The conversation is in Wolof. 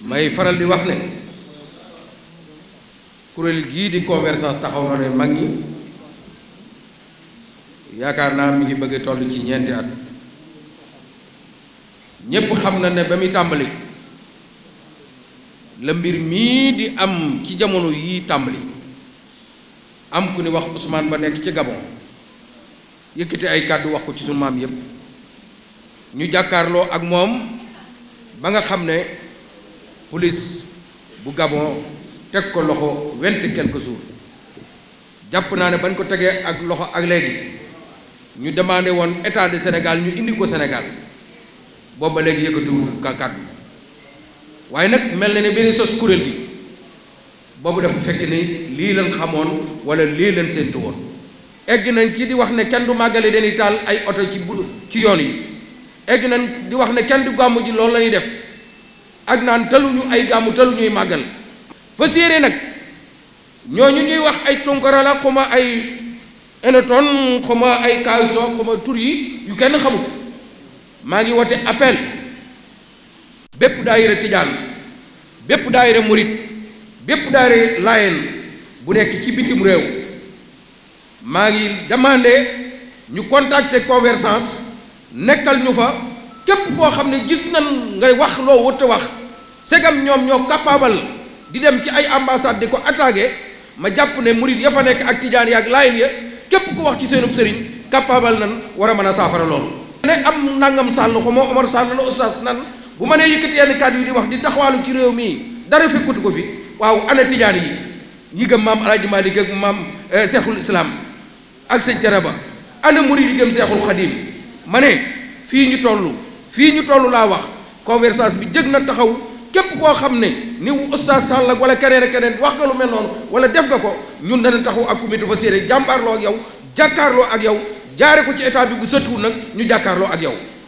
may faral di wax ne kuréel gii di convergence taxaw na mag ñi yaakaar naa mi ngi bëgg toll ci ñeenti at ñépp xam na ne ba muy tàmbali la mbir mii di am ci jamono yi tàmbali am ku ni wax Ousmane ba nekk ci Gabon yëkkati ay kàddu wax ko ci sunu yépp ñu jàkkaarloo ak moom ba nga xam ne police bu Gabon teg ko loxo kenn ko jours jàpp naa ne bañ ko tegee ak loxo ak léegi ñu demandé woon état du Sénégal ñu indi ko Sénégal booba léegi yëkkatiwul ka kàddu waaye nag mel na ne benn sos kuréel gi boobu dafa fekk ni lii leen xamoon wala lii leen séentu egg nañ ci di wax ne kenn du màggale dañuy taal ay oto ci bu ci yoon yi egg nañ di wax ne kenn du gàmmu ji loolu lañuy def ak naan taluñu ay gàmmu taluñuy màggal fa séeré nag ñooñu ñuy wax ay tunkara la ay eneton xuma ay kaalso xuma tur yi yu kenn xamul maa ngi wote appel bépp daayira tijaan bépp daayira murit bépp daayira laayeen bu nekk ci bitim réew maa ngi demandé ñu contacter Convergence nekkal ñu fa képp koo xam ne gis nan nga wax loo wut wax segam ñoom ñoo capable di dem ci ay ambassade di ko attaqué ma jàpp ne murid ya fa nekk ak tijaan yi ak laayin ya képp ko wax ci seenub sëriñ capable nan war a man a saafara loolu ne am nangam sàll ko moo Omar Sall la oustaz nan bu ma nee yëkkati yenn kàddu yi di wax di taxawaalu ci réew mii dara fekkutu ko fi waaw ana tijaan yi ñi gëm maam alaaji Maalik ak maam eh, seexul islaam ak sëñ cere ba ana murid yi gëm seexul xadim ma ne fii ñu toll fii ñu toll laa wax conversation bi jëg na taxaw képp koo xam ne ni wu oustaz Sall wala keneen ak keneen wax nga lu mel noonu wala def nga ko ñun dana taxaw ak comité fa séeré jàmbaarloo ak yow jàkkaarloo ak yow jaare ko ci état bi bu sëtuwul nag ñu jàkkaarloo ak yow